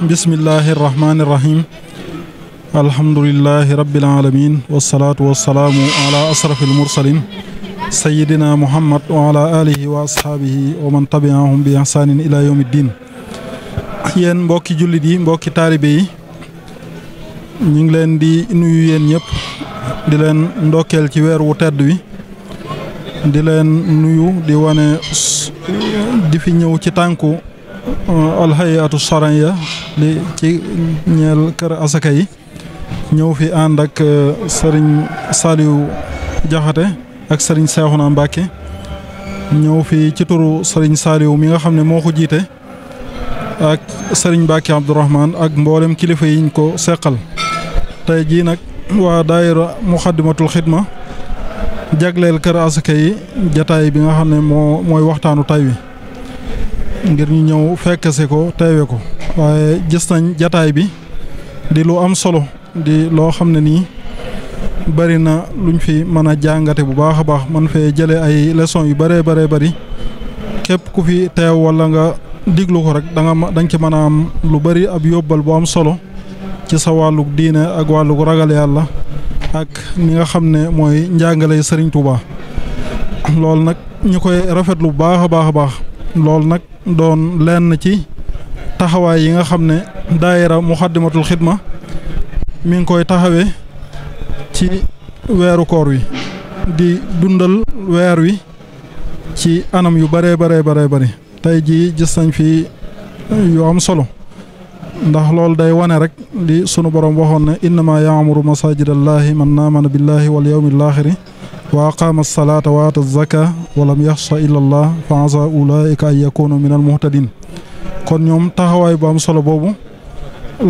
bismillahi irrahmani irrahim alhamdulilahi rabilalamin wasalaatu wasalaamu ala asrafi almursalin sayidina muhammad wa ala wa ashaabihi wa man tabiahum bi ihsaanin ila yawmi ddin mbokki jullit yi mbokki taalibe yi ñu ngi leen di nuyu yéen ñëpp di leen ndokkeel ci weer wu tedd wi di leen nuyu di wane di fi ñëw ci tànku alhayatu charania li ci ñeel kër asaka yi ñëw fi ànd ak euh, sëriñ Saliou Jaxate ak sëriñ Seexuna Mbàkke ñëw fi ci turu sëriñ Saliou mi nga xam ne moo ko jiite ak sëriñ Mbàkke Abdourahman ak mboolem kilifa yiñ ko seqal tey jii nag waa daayira Muxaddamatul Xidma jagleel kër asaka yi jataay bi nga xam ne mooy waxtaanu tay wi ngir ñu ñëw fekk si ko teewe ko waaye gis nañ jataay bi di lu am solo di loo xam ne nii bari na luñ fi mën a jàngate bu baax a baax mën fee jële ay leson yu bëree bëree bari képp ku fi teew wala nga diglu ko rek danga danga ci mën a am lu bari ab yóbbal bu am solo ci sa wàllug diine ak wàllug ragal yàlla ak ni nga xam ne mooy njàngale Sëriñ Tuubaa loolu nag ñu koy rafet lu baax a baax a baax loolu nag doon lenn ci taxawaay yi nga xam ne daayira muxaddamatul xidma mi ngi koy taxawee ci weeru koor wi di dundal weer wi ci anam yu bare bare bare bari tey jii gis nañ fi eh, yu am solo ndax loolu day wane rek di sunu borom waxoon ne innama yaamuru masajidallaahi man naamana billaahi wal yawmil aaxiri wa aqaama alsalata wa aata zaka walam yaxsha illa allah fa asa ulaika an yakunu min al muhtadin kon ñoom taxawaay bu am solo boobu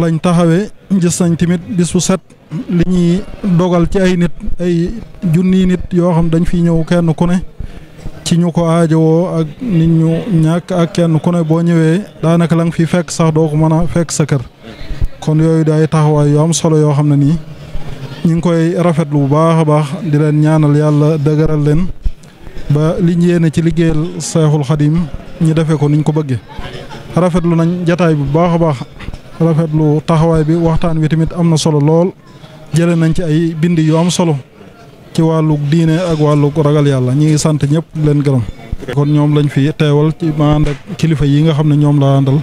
lañ taxawe gis nañ tamit bis bu set li ñuy dogal ci ay nit ay junni nit yoo xam dañ fi ñëw kenn ku ne ci ñu ko aajowoo ak nit ñu ñàkk ak kenn ku boo ñëwee daanaka la nga fi fekk sax doo ko mën a fekk sa kër kon yooyu day taxawaay yoo am solo yoo xam ne nii ñu ngi koy rafetlu bu baax a baax di leen ñaanal yàlla dëgëral leen ba liñ yéene ci liggéeyal Seexul Xadim ñu defee ko niñ ko bëggee rafetlu nañ jataay bu baax a baax rafetlu taxawaay bi waxtaan wi tamit am na solo lool jële nañ ci ay bind yu am solo ci wàllug diine ak wàllug ragal yàlla ñu ngi sant ñëpp leen gërëm. kon ñoom lañ fi teewal ci ma kilifa yi nga xam ne ñoom laa àndal.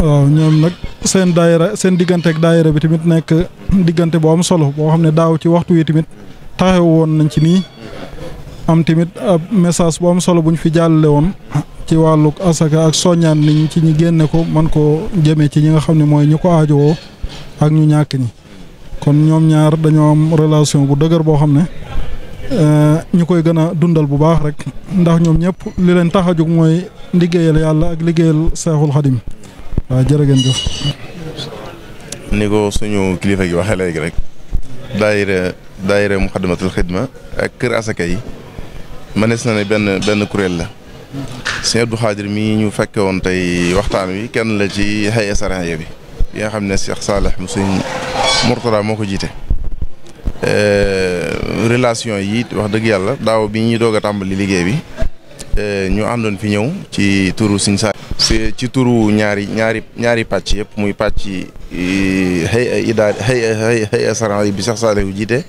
waaw ñoom nag. seen daayira seen diggante ak daayira bi tamit nekk diggante boo am solo boo xam ne daaw ci waxtu wi tamit taxaw woon nañ ci nii am tamit ab message bu am solo bu ñu fi jàllale woon ci wàllu asaka ak soññaan niñ ci ñi génne ko man koo jëmee ci ñi nga xam ne mooy ñu ko aajowoo ak ñu ñàkk ñi kon ñoom ñaar dañoo am relation bu dëgër boo xam ne eh, ñu koy gën a dundal bu baax rek ndax ñoom ñëpp li leen tax a jóg mooy liggéeyal yàlla ak liggéeyal seexul xadim waaw jërë ngeen ni ko suñu kilifa gi waxee léegi rek. daayira daayira Muxaddamatul Xidma ak kër asaka yi. mënees na ne benn benn kuréel la. sëñ Abdou mi mii ñu fekke woon tey waxtaan wi kenn la ci xëy saraya bi bi nga xam ne Cheikh Salih mu sëñ Mourtada moo ko jiite. relation yi wax dëgg yàlla daaw bi ñuy doog tàmbali liggéey bi. ñu àndoon fi ñëw ci turu suñ saa ci turu ñaari ñaari ñaari pàcc yëpp muy pàcc xëy idaar xëy xëy assurance yi bi sax saa yu jiite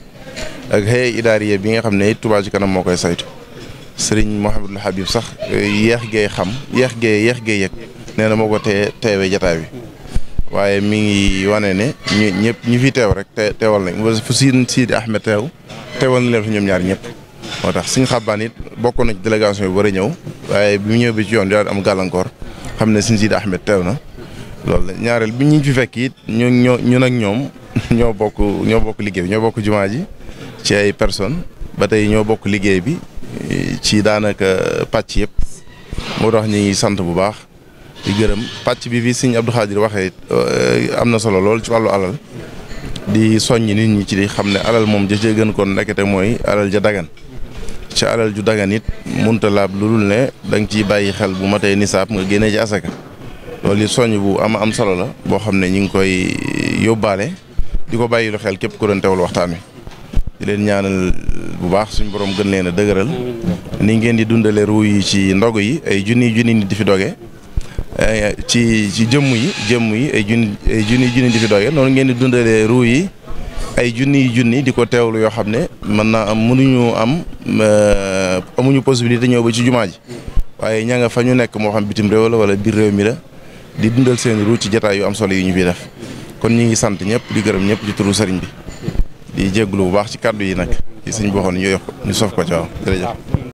ak xëy idaariye bi nga xam ne Touba ci kanam moo koy saytu sëriñ Mouhamadul sax e, yeex gee xam yeex gee yeex gee nee na moo ko tee teewee jataay bi waaye mi ngi wane ne ñu ñëpp ñu fi teew rek te teewal nañ fu siin Sidi Ahmed teew teewal na leen fi ñoom ñaar ñëpp moo tax suñu xabaan it bokkoon na ci délégation war a ñëw waaye bi mu ñëw bi ci yoon di am gàllankoor xam ne Sëñ Sidi Ahmed teew na loolu ñaareel bi ñu fi fekk it ñu ñoo ñun ak ñoom ñoo bokk ñoo bokk liggéey bi ñoo bokk jumaa ji ci ay personnes ba tey ñoo bokk liggéey bi ci daanaka pàcc yëpp moo tax ñu ngi sant bu baax di gërëm pàcc bi fii Sëñ Abdou Khadir waxee eh, am na solo lool ci wàllu alal di soññ nit ñi ci di xam ne alal moom ja cee gën kon nekkete mooy alal ja dagan ci alal ju dagan nit munta laab lu dul ne da nga ciy bàyyi xel bu matee nisaab nga génnee ci asaka loolu soñ bu ama am solo la boo xam ne ñu ngi koy yóbbaale di ko bàyyi lu xel képp ku doon teewul waxtaan wi leen ñaanal bu baax suñu borom gën leen a dëgëral ni ngeen di dundale ruu yi ci ndog yi ay junni junni nit di fi doge eh, ci ci jëmm yi jëmm yi ay junni ay junni junni di fi doge noonu ngeen di dundalee ruu yi ay junni yi junni di ko teewlu yoo xam ne mën naa am mënuñu am euh, amuñu possibilité ñëw ba ci jumaa ji waaye ña nga fa ñu nekk moo xam bitim réew la wala biir réew mi la di dundal seen ru ci jataay yu am solo yu ñu fi def kon ñu ngi sant ñëpp di gërëm ñëpp ci turu sëriñ bi di jégalu bu baax ci kàddu yi nag ci suñ boxoon ñu yox ñu sof ko ci waaw